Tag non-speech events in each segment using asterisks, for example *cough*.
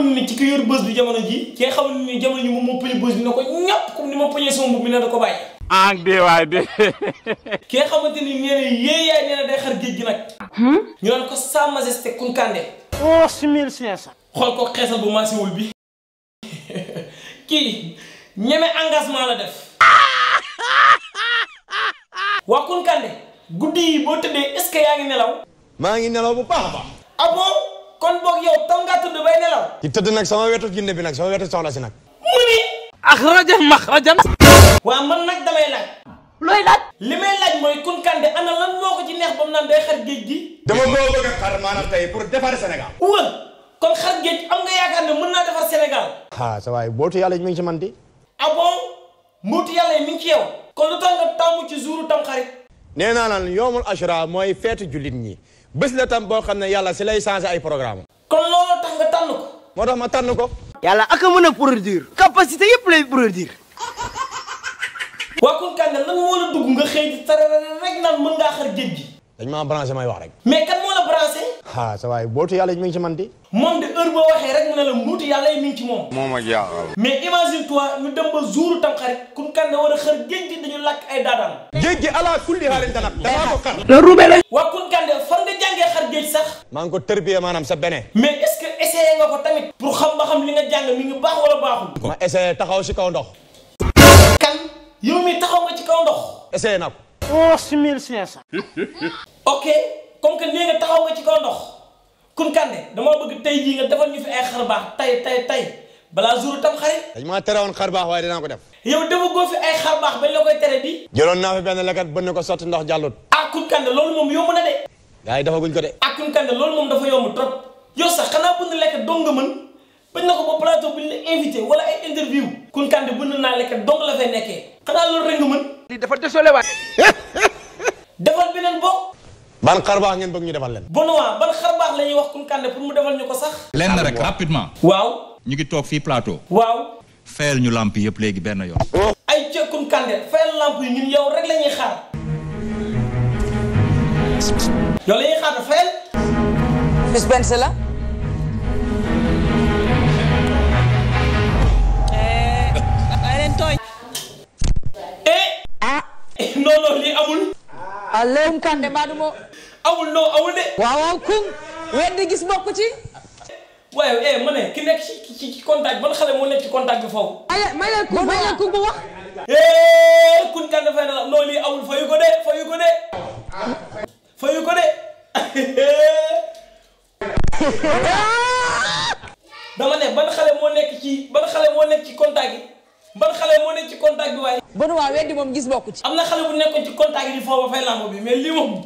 wan ni ci ki yor bës bi jamono ji ki nga xam ne jamono ji moom moo pëñe bës bi na ko ñàpp comme ni ma pëñee sama mbubb mi ne da ko bàyyi ah dee waay dee *laughs* ki nga xamante ni nee na yaay nee day xar géej gi nag hmm? ñu naan ko sa majesté Kounkandé onze oh, mille cinq cent xool ko xeesal bu maasiwul *laughs* kii ñeme engagement la def waa Kounkandé guddi yi boo tëddee est yaa ngi nelaw maa ngi nelaw bu baax a baax ah kon boog yow taw nga tudd bay nelaw. di tëdd nag sama wetu jinne bi nag sama wetu soxna si nag. mu ni. ak rajan max rajan. waaw man nag damay laaj. looy laaj. li may laaj mooy Kounkandé ana lan moo ko ci neex ba mu naan day xar géej gi. dama ko bëgg a xar maanaam tey pour defar Sénégal. wala kon xar géej am nga yaakaar ne mën naa defar Sénégal. ah sa waay bootu yàlla mi ngi ci man di. ah bon mbootu yàlla yi mi ngi ci yow. kon lu tax nga tàmmu ci jouru tam xarit. nee naa naan yoomul ashura mooy feetu jullit ñi. bés la tam boo xam ne yàlla si lay changé ay programme kon loolu tax nga tànn ko. moo tax ma tànn ko. yàlla ak a mën a capacité yëpp lay produire. waa kon Kangal lan moo la dugg nga xëy ci tarara rek naan mën ngaa xar géej dañ maa branché may wax rek. ah sa waay mbootu yàlla mi ngi ci man di. moom de heure boo waxee rek mu ne la mbuutu yàlla yi mi ngi ci moom. moom ak yàlla. mais imagine toi ñu dem ba jour tam xarit kun kan ne war a xër géej gi dañu lakk ay daadaan. géej gi ala kulli xaalin danab damaa ko xar. loolu ruubee la. waa kun kan nga jàngee maa ngi ko tërbiyee maanaam sa beneen. mais est nga xam ba xam jàng mi ngi baax wala baaxul. ma essayé taxaw si kaw ndox. kan yow mi taxaw nga ci kaw ndox. essayé naa ko. Oh, *laughs* ok comme que nee nga taxaw nga ci kaw ndox kun Kande damaa bëgg tey jii nga defal ñu fi ay xar baax tey tey tey balaa jour tam xarit. dañ maa tere woon xar baax waaye dinaa ko def. yow dafa goo fi ay xar baax bañ la koy tere bi. jëloon naa fi benn lekkat bën na ko sotti ndox jàllut. ah kun Kande loolu moom yomb na de. gars yi dafaguñ ko de. ah kun Kande loolu moom dafa yomb trop yow sax xanaa bëgg na lekkat dong nga na ko ba plateau bu ñu la invité wala ay interview. kun Kande bëgg naa lekkat dong la fay nekkee. xanaa loolu rek nga mën. dafa désolé waay. *laughs* ban xarbaax ngeen bëgg ñu defal leen Benoît ban xarbaax lañuy wax wax Kounkandé pour mu defal ñuko sax lenn rek rapidement waaw ñu ngi tok fi plateau waaw fayal ñu lamp yëpp légui ben yoon ay ci ca Kounkandé fayal lamp yi ñun yow rek lañuy xaar yo ñuy xaar fayal ben cela eh ay len toy eh ah *laughs* non non li amul allahum kan de mbaɗum o awul no awulde wawaw kun wedde gis bokku ci waaye eh, ma ne ki nekk ci ci ci contact ban xale moo nekk ci contact bi foofu ay ma ne kun ma ne kun bu wax eh, kun kan dafay na non lii awul yu ko de fayu ko de fayu ko de *laughs* dama ne ban xale moo nekk ci ban xale moo nekk ci contact yi ban xale moo nekk ci contact bi waaye. bon waa weddi moom gis bokku ci. am na xale bu nekkoon ci contact yi di foofu ba bi mais lii moom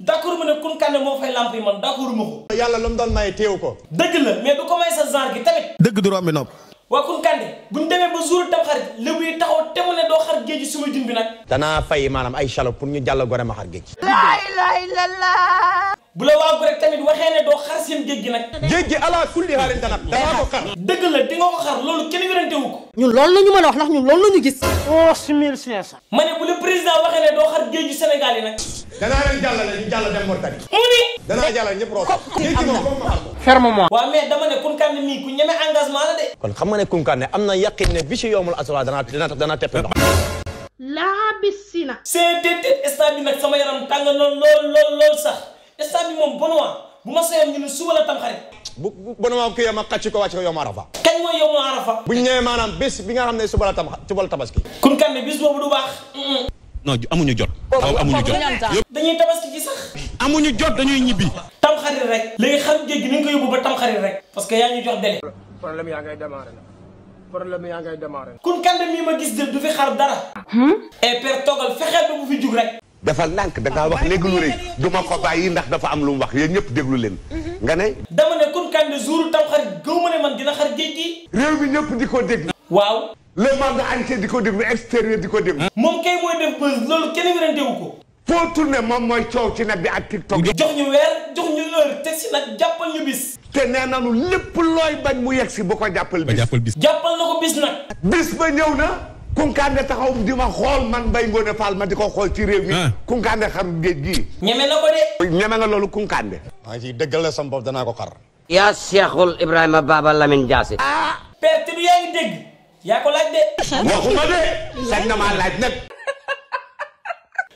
d'accord ma ne kun kànne moo fay làmb yi man d'accord ma ko. yàlla lu mu doon may ko. dëgg la mais du ko may sa genre gi tamit. dëgg du romb nopp. waa kun kànne bu ñu demee ba jour tam xarit lébu yi taxaw te mu ne doo xar géej suma jun bi nag. danaa fay maanaam ay chalo pour ñu jàll gore ma xar géej. la ilaha illallah. bu la waagu rek tamit waxee ne doo xar seen géej gi nag. géej gi ala kulli danaa ko xar. dëgg la di nga xar loolu kenn werante wu ko. ñun loolu ñu mën a wax ndax ñun loolu la ñu gis. onze mille cinq ma ne bu la président waxee ne doo xar géeju Sénégal yi nag. danaa leen jàllale ñu jàll danaa jàllale ma xar ko. fermement. waaw mais dama ne Kounkandé na yaqin ne bi si yombul asura danaa danaa tepp ndox laa bis si na. seeteet stade bi nag sama yaram tàng na lool lool lool sax stade bi ma seyoon ñu ne suba a xàcc ko ko yom arafa. kañ mooy yomu arafa. bu ñu ñëwee maanaam bés bi nga xam ne suba la tam suba la tabaski. kun kan ne bés jot. waaw amuñu jot dañuy tabaski ci sax. amuñu jot dañuy ñibbi. tamxarit rek. léegi xam géej gi ni yóbbu ba tamxarit rek. parce que yaa ñu jox délai. problème yaa ngay démarré problème yaa ngay kun kan ne ma gis de du fi xar dara. Hmm? et eh, père toogal fexeel ba fi jug rek. defal lànk da ngaa wax léegi lu rëy ah, du ma ko bàyyi ndax dafa am lu mu wax yéen ñëpp déglu leen. Mhm. nga ne. dama ne kon kañ la jour tam xarit gëw ma man dina xar géej gi. réew mi ñëpp di ko déglu. waaw. le monde entier di ko déglu extérieur di ko déglu. moom kay mooy def buzz loolu kenn werante wu ko. foo tourné moom mooy coow ci nag bi ak TikTok. jox ñu weer jox ñu heure te si nag jàppal ñu bis. te nee nañu lépp looy bañ mu yegg si bu ko jàppal bis. ba jàppal bis. jàppal na ko bis nag. bis ba na. Kunkande taxaw di ma xol man bay ngone fal ma di ko xool ci rew mi. Ah. Kunkande xam geej gi ñeme la ko de. ñeme nga lolu Kunkande. maa ngi ciy dëggal la sama bopp dana ko xar. ya Cheikhul Ibrahima Baba Lamine Diassé. ah. père bi yaa ngi dégg. yaa ko laaj de. waxuma de. sañ na ma laaj nak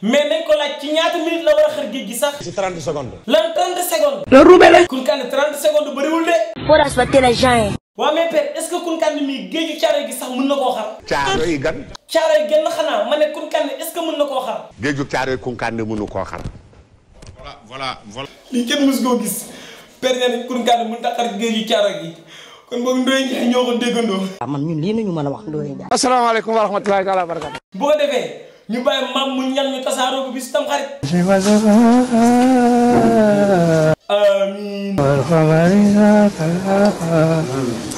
mais nañ ko laaj ci ñaata minute la wara a xar geej gi sax. ci 30 secondes. lan 30 secondes. la roubé la. Kunkande 30 secondes wul de. as ba télé a waa mais père est-ce que Kounkandé mii géeju caaro gi sax mën na koo xar. caaro yi gan. caaro yi gën la ne Kounkandé est-ce que mën na koo xar. géeju caaro yi Kounkandé mënu koo koo gis père a xar géeju caaro gi kon boog ñoo ko déggandoo. waaw ah, man ñun lii nañu mën a wax Ndoye Ndiaye. asalaamaaleykum wa rahmatulahi taala wa barakatu. boo ko defee ñu bàyyi maam mu ñan ñu tasaaroo bu bis tam xarit. mean. Um,